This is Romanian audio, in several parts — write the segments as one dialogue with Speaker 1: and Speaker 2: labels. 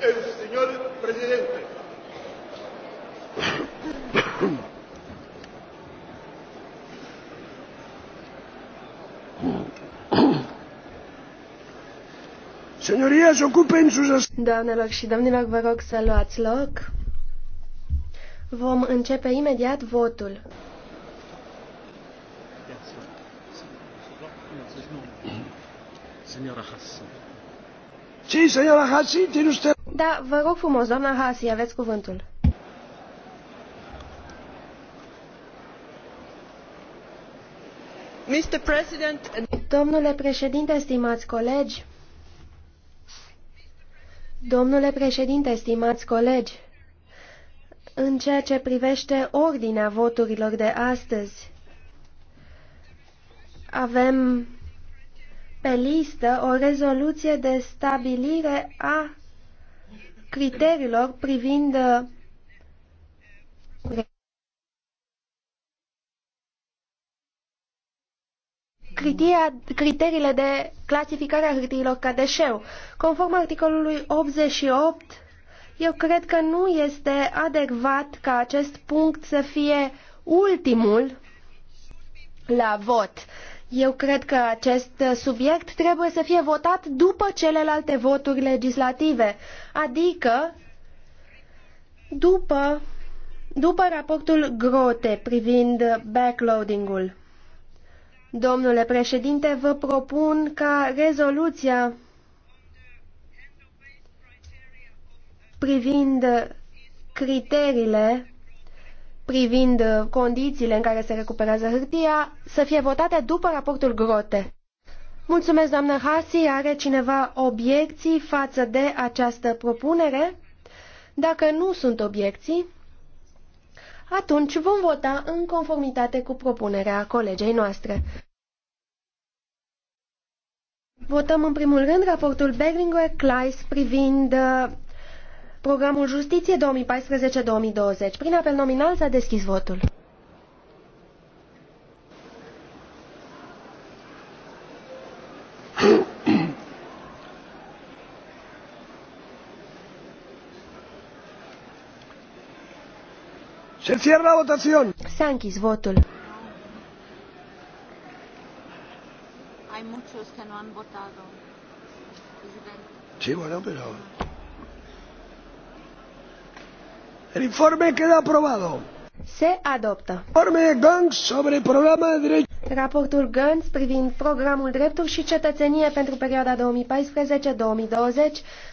Speaker 1: el señor presidente.
Speaker 2: Señorías, ocupen sus... Doamnelor și domnilor, vă rog să luați loc. Vom începe imediat votul.
Speaker 1: Señora Hassi.
Speaker 2: Sí, señora Hassi, tiene usted... Da, vă rog frumos, doamna Hasi, aveți cuvântul. Mr. President... Domnule președinte, stimați colegi, Domnule președinte, stimați colegi, în ceea ce privește ordinea voturilor de astăzi, avem pe listă o rezoluție de stabilire a criteriilor privind criteriile de clasificare a hârtiilor ca deșeu. Conform articolului 88, eu cred că nu este adecvat ca acest punct să fie ultimul la vot. Eu cred că acest subiect trebuie să fie votat după celelalte voturi legislative, adică după, după raportul Grote privind backloading-ul. Domnule președinte, vă propun ca rezoluția privind criteriile privind uh, condițiile în care se recuperează hârtia să fie votate după raportul Grote. Mulțumesc, doamnă Hasi. Are cineva obiecții față de această propunere? Dacă nu sunt obiecții, atunci vom vota în conformitate cu propunerea colegei noastre. Votăm în primul rând raportul Berlinguer-Claes privind uh, Programul Justiție 2014-2020. Prin apel nominal s-a deschis votul. Se cierra votación. S-a închis votul.
Speaker 3: Hay muchos que no han votado.
Speaker 1: Sí, bueno, pero... El informe queda aprobado. Se adoptă. Informe Gans sobre programa de drept.
Speaker 2: Raportul Gans privind programul Drepturi și Cetățenie pentru perioada 2014-2020.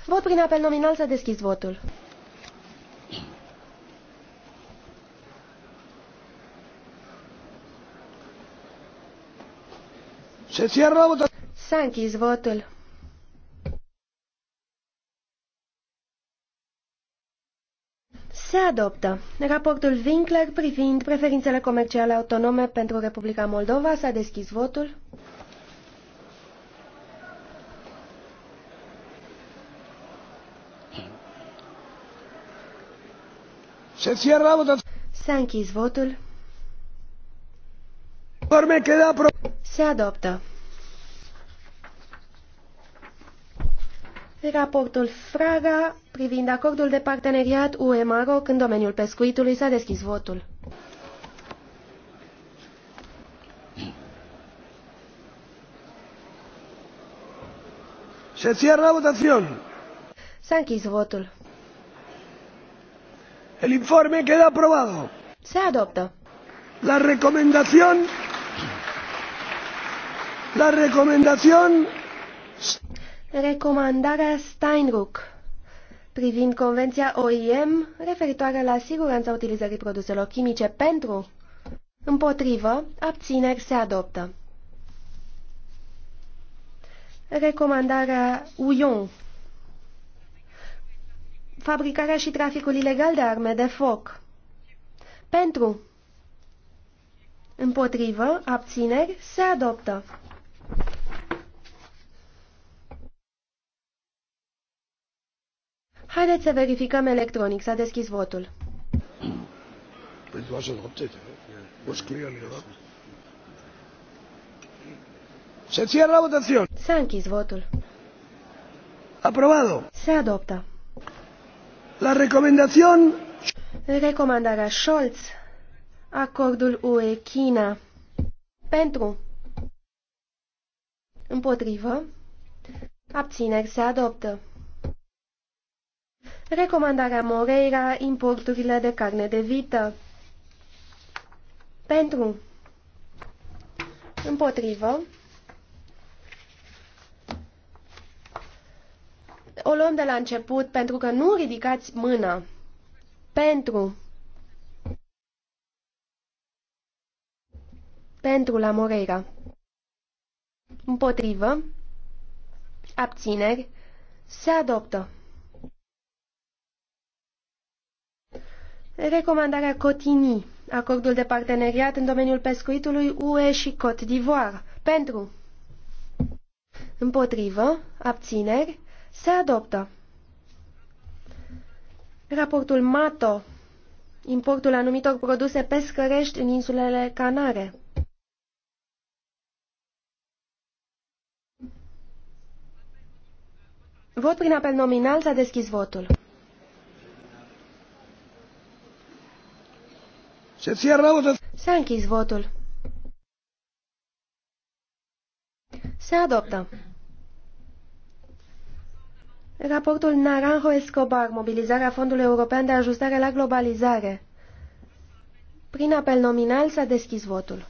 Speaker 2: Vot prin apel nominal să deschis votul. Se cierra votul. S-a închis votul. adoptă. Raportul Winkler privind preferințele comerciale autonome pentru Republica Moldova s-a deschis votul.
Speaker 1: S-a închis votul.
Speaker 2: Se adoptă. Raportul Fraga privind acordul de parteneriat UE-Maroc în domeniul pescuitului s-a deschis votul.
Speaker 1: Se cierra votación.
Speaker 2: S-a închis votul.
Speaker 1: El informe queda aprobado. Se adoptă. La recomendación. La recomendación.
Speaker 2: Recomandarea Steinruck privind Convenția OIM referitoare la siguranța utilizării produselor chimice pentru, împotrivă, abțineri se adoptă. Recomandarea Uyon Fabricarea și traficul ilegal de arme de foc Pentru Împotrivă, abțineri, se adoptă. Haideți să verificăm electronic. S-a deschis votul.
Speaker 1: Păi eh? da? Se cierra votación. S-a închis votul. Aprobado. Se adoptă. La recomendación...
Speaker 2: Recomandarea Scholz. Acordul UE-China. Pentru. Împotrivă. Abțineri se adoptă. Recomandarea Moreira, importurile de carne de vită. Pentru. Împotrivă. O luăm de la început pentru că nu ridicați mâna. Pentru. Pentru la Moreira. Împotrivă. Abțineri. Se adoptă. Recomandarea Cotini, acordul de parteneriat în domeniul pescuitului UE și Cot d'Ivoire. Pentru. Împotrivă. Abțineri. Se adoptă. Raportul MATO. Importul anumitor produse pescărești în insulele Canare. Vot prin apel nominal s-a deschis votul.
Speaker 1: Se cierra votul.
Speaker 2: S-a închis votul. Se adoptă. Raportul Naranjo Escobar, mobilizarea Fondului European de Ajustare la Globalizare. Prin apel nominal s-a deschis votul.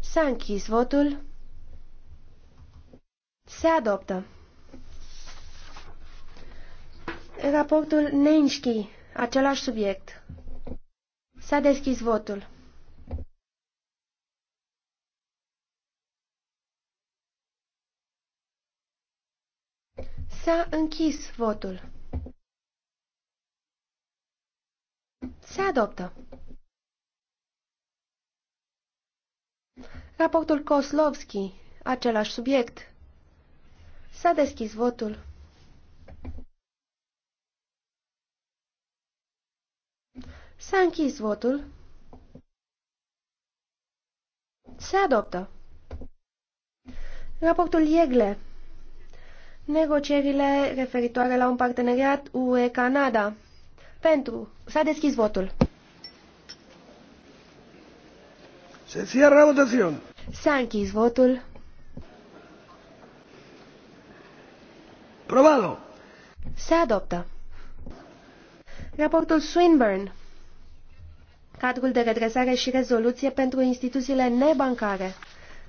Speaker 2: S-a închis votul. Se adoptă. Raportul Neinschi, același subiect. S-a deschis votul. S-a închis votul. Se adoptă. Raportul Koslovski, același subiect. S-a deschis votul. S-a închis votul. Se adoptă. Raportul Iegle. Negocierile referitoare la un parteneriat UE-Canada. Pentru. S-a deschis votul.
Speaker 1: Se cierra votación.
Speaker 2: S-a închis votul. Probado. Se adoptă. Raportul Swinburne cadrul de redresare și rezoluție pentru instituțiile nebancare.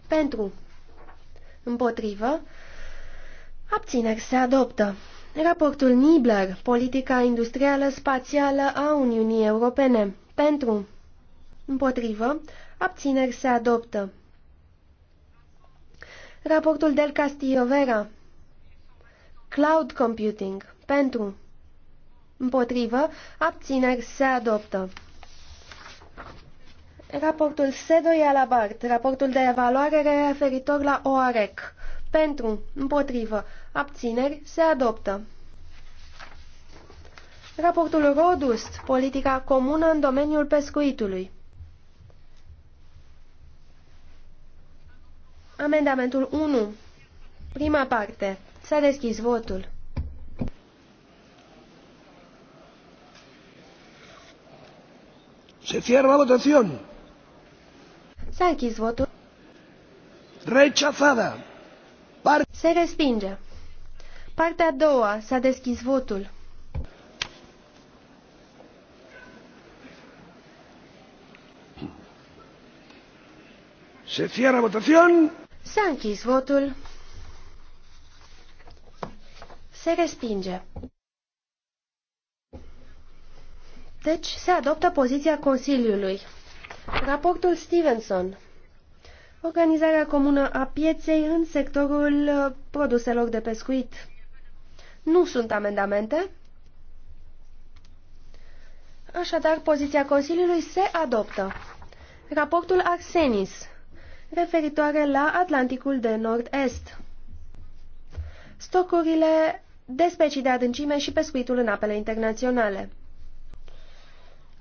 Speaker 2: Pentru. Împotrivă. Abțineri se adoptă. Raportul Nibler, politica industrială spațială a Uniunii Europene. Pentru. Împotrivă. Abțineri se adoptă. Raportul del Castillo Vera. Cloud Computing. Pentru. Împotrivă. Abțineri se adoptă. Raportul SEDO e alabart, raportul de evaluare referitor la OAREC. Pentru, împotrivă, abțineri, se adoptă. Raportul Rodust, politica comună în domeniul pescuitului. Amendamentul 1. Prima parte. S-a deschis votul.
Speaker 1: Se cierra la votación.
Speaker 2: S-a închis votul.
Speaker 1: Rechazada.
Speaker 2: Par Se respinge. Partea a doua. S-a deschis votul.
Speaker 1: Se cierra votación. S-a
Speaker 2: închis votul. Se respinge. Deci se adoptă poziția Consiliului. Raportul Stevenson. Organizarea comună a pieței în sectorul uh, produselor de pescuit. Nu sunt amendamente. Așadar, poziția Consiliului se adoptă. Raportul Arsenis, referitoare la Atlanticul de Nord-Est. Stocurile de specii de adâncime și pescuitul în apele internaționale.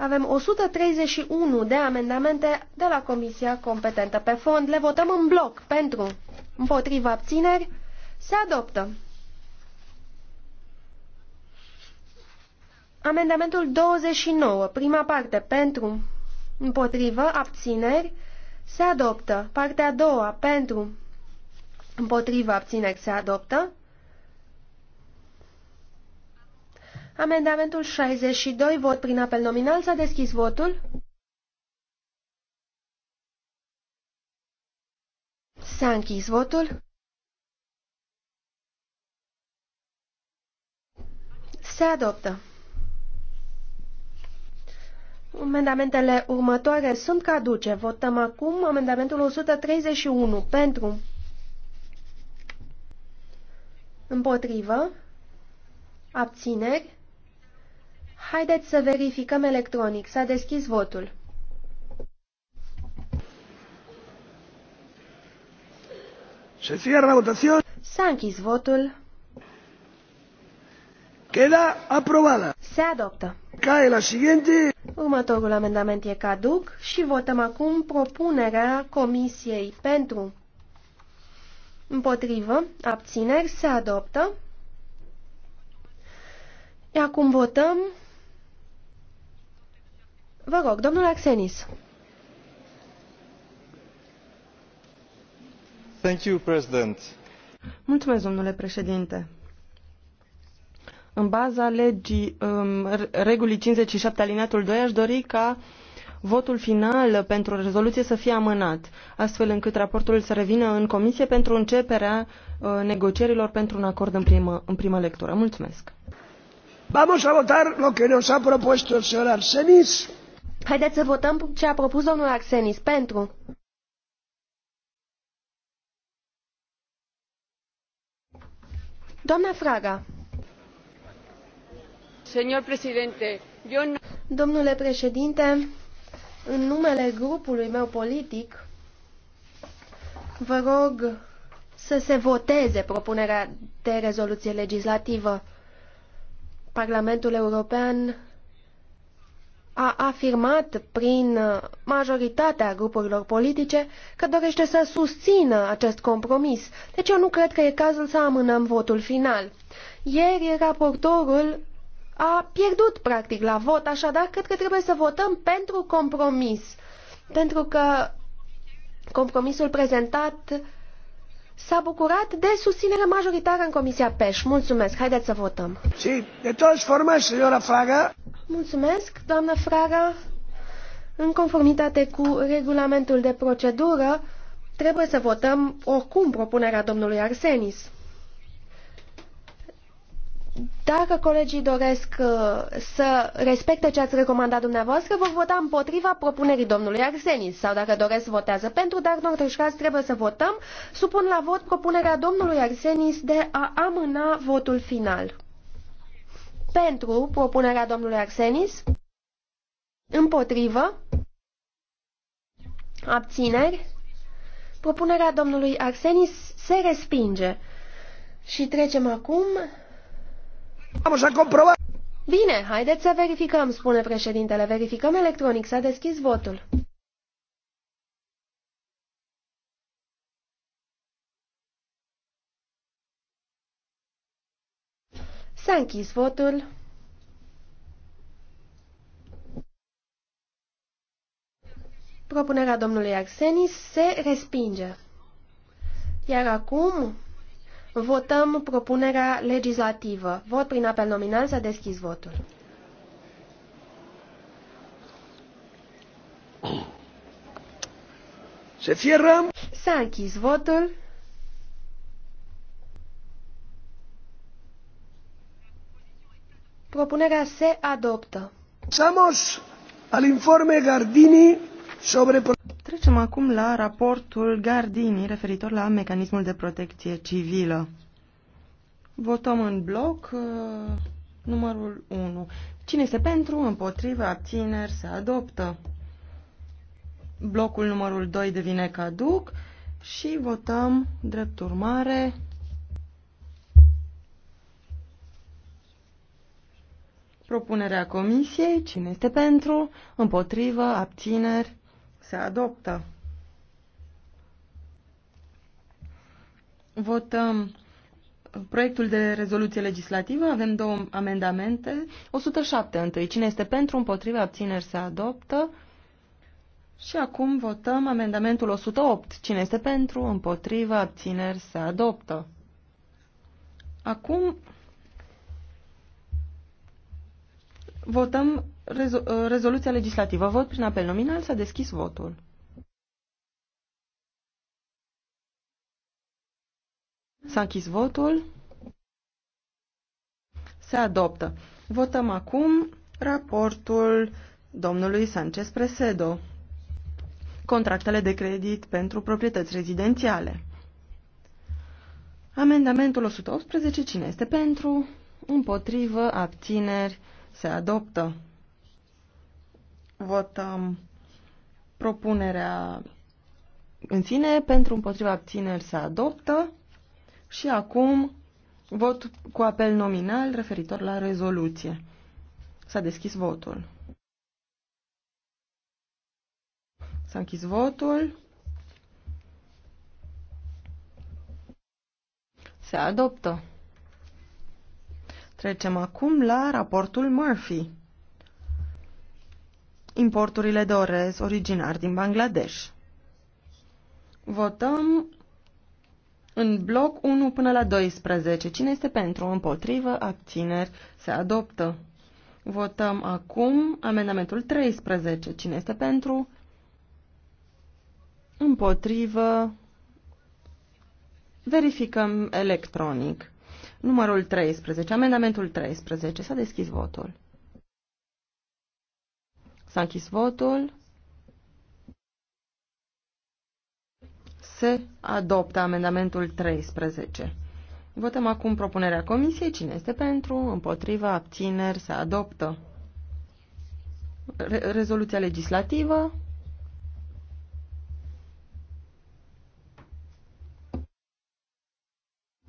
Speaker 2: Avem 131 de amendamente de la Comisia competentă pe fond. Le votăm în bloc pentru, împotriva abțineri, se adoptă. Amendamentul 29, prima parte, pentru, împotrivă, abțineri, se adoptă. Partea a doua, pentru, împotrivă, abțineri, se adoptă. Amendamentul 62, vot prin apel nominal, s-a deschis votul. S-a închis votul. Se adoptă. Amendamentele următoare sunt caduce. Votăm acum amendamentul 131 pentru împotrivă abțineri Haideți să verificăm electronic. S-a deschis votul.
Speaker 1: Se cierra votación. S-a închis votul. Queda aprobada. Se adoptă. Cae la siguiente.
Speaker 2: Următorul amendament e caduc și votăm acum propunerea Comisiei pentru împotrivă, abțineri, se adoptă. Acum votăm Vă rog, domnul Axenis.
Speaker 1: Thank you, President.
Speaker 3: Mulțumesc, domnule președinte. În baza legii, um, regulii 57 alineatul 2, aș dori ca votul final pentru rezoluție să fie amânat, astfel încât raportul să revină în comisie pentru începerea uh, negocierilor pentru un acord în primă, în primă
Speaker 1: lectură. Mulțumesc. Vamos a votar lo que nos ha propuesto el señor Arsenis. Haideți să votăm ce a propus domnul Arsenis. Pentru.
Speaker 2: Doamna Fraga. Señor
Speaker 3: președinte, eu...
Speaker 2: Domnule președinte, în numele grupului meu politic, vă rog să se voteze propunerea de rezoluție legislativă. Parlamentul European a afirmat prin majoritatea grupurilor politice că dorește să susțină acest compromis, deci eu nu cred că e cazul să amânăm votul final. Ieri raportorul a pierdut practic la vot, așadar cred că trebuie să votăm pentru compromis, pentru că compromisul prezentat s-a bucurat de susținere majoritară în Comisia PEș. Mulțumesc.
Speaker 1: Haideți să votăm. Sí, de todas formas, señora Fraga.
Speaker 2: Mulțumesc, doamnă Fraga. În conformitate cu regulamentul de procedură, trebuie să votăm oricum propunerea domnului Arsenis. Dacă colegii doresc uh, să respecte ce ați recomandat dumneavoastră, vor vota împotriva propunerii domnului Arsenis sau dacă doresc votează pentru, dar în orice caz trebuie să votăm. Supun la vot propunerea domnului Arsenis de a amâna votul final. Pentru propunerea domnului Arsenis, împotrivă, abțineri, propunerea domnului Arsenis se respinge. Și trecem acum Bine, haideți să verificăm, spune președintele. Verificăm electronic. S-a deschis votul. S-a închis votul. Propunerea domnului Arsenis se respinge. Iar acum Votăm propunerea legislativă. Vot prin apel nominal să deschis votul.
Speaker 1: Se fierăm! S-a închis votul.
Speaker 2: Propunerea se adoptă.
Speaker 1: Samos al informe Gardini sobre Trecem acum la raportul
Speaker 3: Gardini referitor la mecanismul de protecție civilă. Votăm în bloc uh, numărul 1. Cine este pentru, împotrivă, abțineri, se adoptă. Blocul numărul 2 devine caduc și votăm drept urmare propunerea comisiei. Cine este pentru, împotrivă, abțineri, se adoptă. Votăm proiectul de rezoluție legislativă. Avem două amendamente. 107 întâi. Cine este pentru, împotriva, abțineri, se adoptă. Și acum votăm amendamentul 108. Cine este pentru, împotriva, abțineri, se adoptă. Acum votăm Rezo uh, rezoluția legislativă. Vot prin apel nominal. S-a deschis votul. S-a închis votul. Se adoptă. Votăm acum raportul domnului Sanchez Presedo. Contractele de credit pentru proprietăți rezidențiale. Amendamentul 118. Cine este pentru? Împotrivă. Abțineri. Se adoptă. Votăm propunerea în sine, pentru împotriva abțineri se adoptă și acum vot cu apel nominal referitor la rezoluție. S-a deschis votul. S-a închis votul. Se adoptă. Trecem acum la raportul Murphy importurile de orez originar din Bangladesh. Votăm în bloc 1 până la 12. Cine este pentru? Împotrivă? Abțineri? Se adoptă. Votăm acum amendamentul 13. Cine este pentru? Împotrivă? Verificăm electronic. Numărul 13. Amendamentul 13. S-a deschis votul. S-a închis votul. Se adoptă amendamentul 13. Votăm acum propunerea comisiei. Cine este pentru? Împotriva? Abțineri? Se adoptă. Re rezoluția legislativă.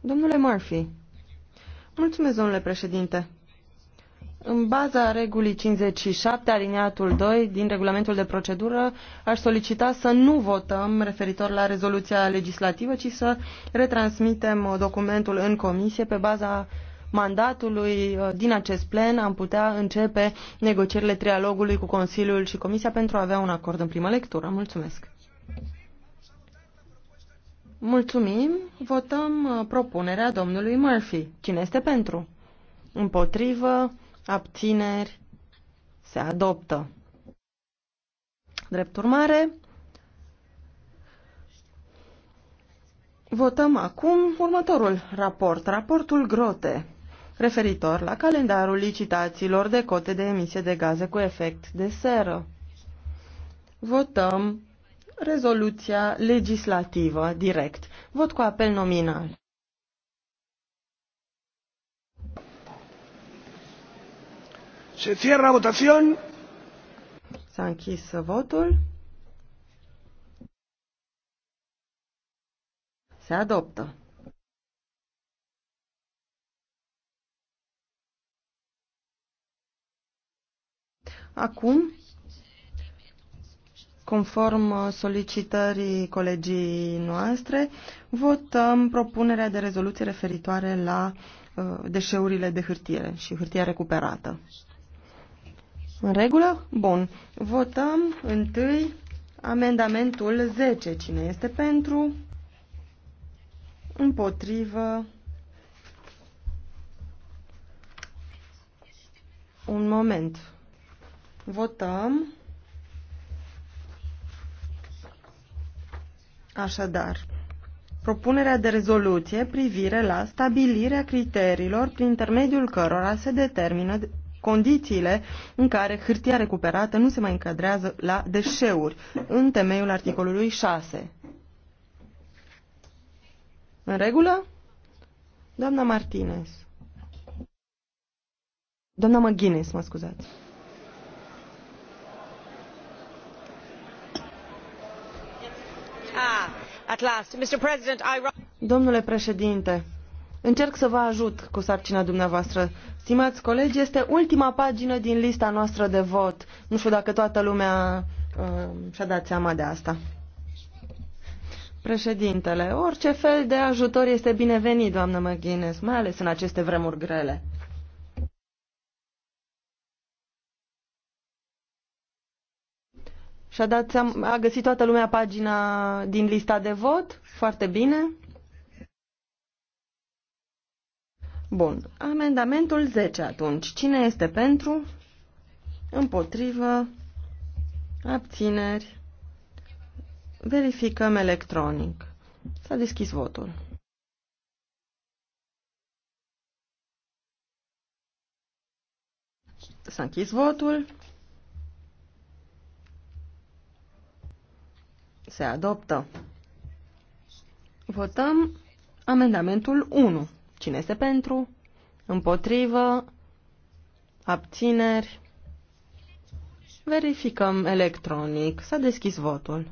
Speaker 3: Domnule Murphy. Mulțumesc, domnule președinte. În baza regulii 57, aliniatul 2 din regulamentul de procedură, aș solicita să nu votăm referitor la rezoluția legislativă, ci să retransmitem documentul în comisie pe baza mandatului uh, din acest plen am putea începe negocierile trialogului cu Consiliul și Comisia pentru a avea un acord în primă lectură. Mulțumesc! Mulțumim! Votăm uh, propunerea domnului Murphy. Cine este pentru? Împotrivă? abțineri, se adoptă. Drept urmare, votăm acum următorul raport, raportul Grote, referitor la calendarul licitațiilor de cote de emisie de gaze cu efect de seră. Votăm rezoluția legislativă direct. Vot cu apel nominal.
Speaker 1: Se cierra la votación. S-a închis votul.
Speaker 3: Se adoptă. Acum, conform solicitării colegii noastre, votăm propunerea de rezoluție referitoare la uh, deșeurile de hârtie și hârtia recuperată. În regulă? Bun. Votăm întâi amendamentul 10. Cine este pentru? Împotrivă? Un moment. Votăm. Așadar, propunerea de rezoluție privire la stabilirea criteriilor prin intermediul cărora se determină condițiile în care hârtia recuperată nu se mai încadrează la deșeuri, în temeiul articolului 6. În regulă? Doamna Martinez. Doamna McGuinness, mă scuzați.
Speaker 2: Ah, at last. Mr. President, I...
Speaker 3: Domnule președinte, Încerc să vă ajut cu sarcina dumneavoastră. Stimați colegi, este ultima pagină din lista noastră de vot. Nu știu dacă toată lumea uh, și-a dat seama de asta. Președintele, orice fel de ajutor este binevenit, doamnă McGuinness, mai ales în aceste vremuri grele. Și-a dat seama, a găsit toată lumea pagina din lista de vot? Foarte bine. Bun. Amendamentul 10 atunci. Cine este pentru? Împotrivă. Abțineri. Verificăm electronic. S-a deschis votul. S-a închis votul. Se adoptă. Votăm amendamentul 1. Cine este pentru? Împotrivă? Abțineri? Verificăm electronic. S-a deschis votul.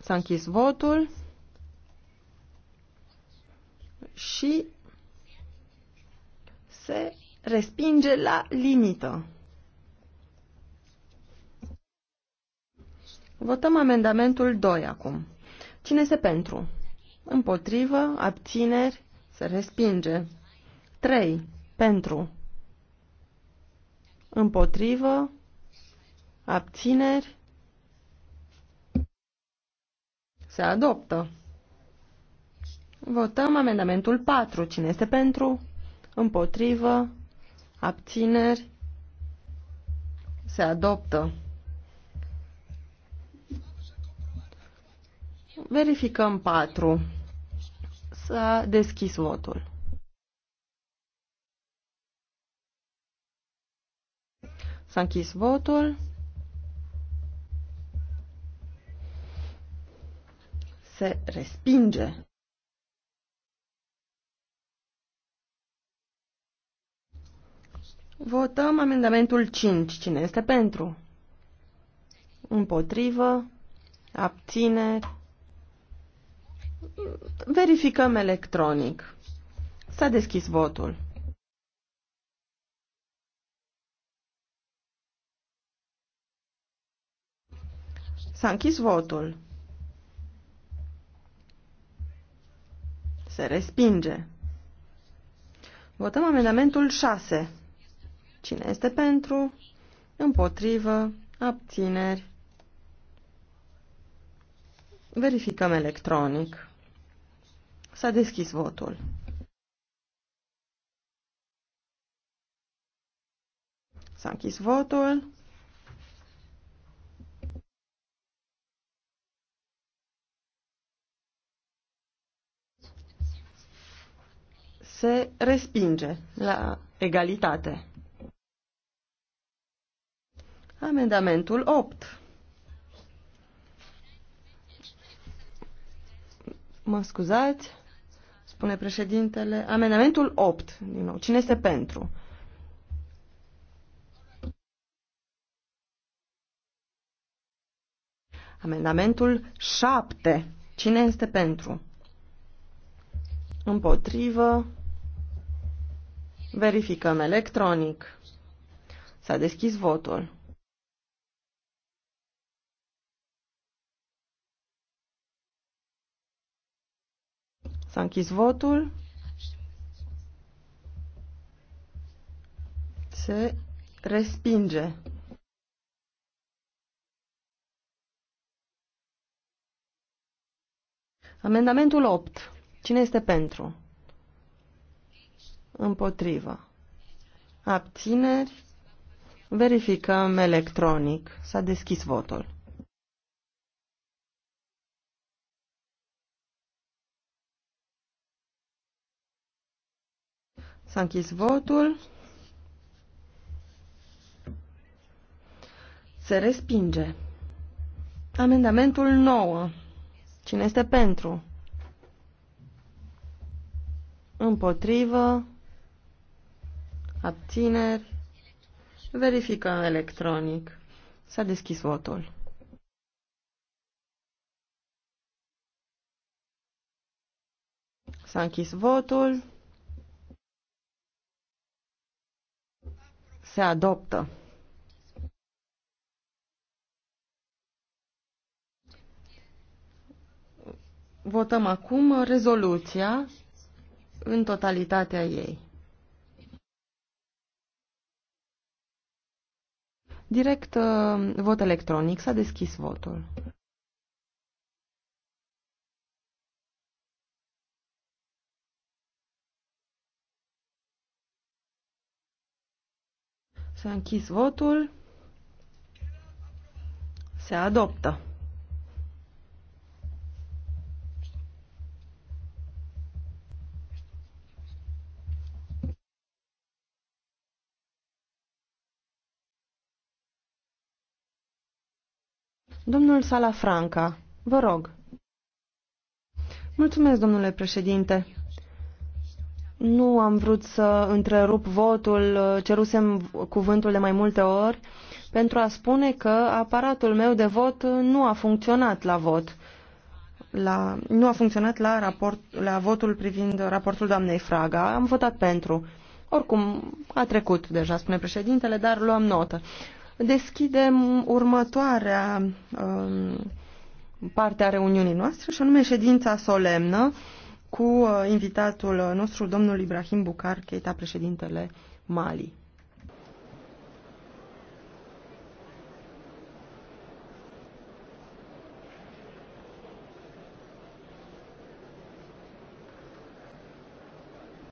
Speaker 3: S-a închis votul și se respinge la limită. Votăm amendamentul 2 acum. Cine se pentru? Împotrivă, abțineri, se respinge. 3. Pentru. Împotrivă, abțineri, se adoptă. Votăm amendamentul 4. Cine este pentru? Împotrivă, abțineri, se adoptă. Verificăm 4. S-a deschis votul. S-a închis votul. Se respinge. Votăm amendamentul 5. Cine este pentru? Împotrivă? Abțineri? Verificăm electronic. S-a deschis votul. S-a închis votul. Se respinge. Votăm amendamentul 6. Cine este pentru? Împotrivă? Abțineri? Verificăm electronic. S-a deschis votul. S-a închis votul. Se respinge la egalitate. Amendamentul 8. Mă scuzați spune președintele. Amendamentul 8, din nou. Cine este pentru? Amendamentul 7. Cine este pentru? Împotrivă. Verificăm electronic. S-a deschis votul. S-a închis votul. Se respinge. Amendamentul 8. Cine este pentru? Împotrivă. Abțineri. Verificăm electronic. S-a deschis votul. S-a închis votul. Se respinge. Amendamentul 9. Cine este pentru? Împotrivă. Abțineri. Verificăm electronic. S-a deschis votul. S-a închis votul. Se adoptă. Votăm acum rezoluția în totalitatea ei. Direct uh, vot electronic. S-a deschis votul. S-a închis votul. Se adoptă. Domnul Salafranca, vă rog. Mulțumesc, domnule președinte. Nu am vrut să întrerup votul, cerusem cuvântul de mai multe ori pentru a spune că aparatul meu de vot nu a funcționat la vot. La, nu a funcționat la, raport, la votul privind raportul doamnei Fraga. Am votat pentru. Oricum, a trecut deja, spune președintele, dar luăm notă. Deschidem următoarea um, parte a reuniunii noastre, și anume ședința solemnă cu uh, invitatul uh, nostru, domnul Ibrahim Bucar, Keita, președintele Mali.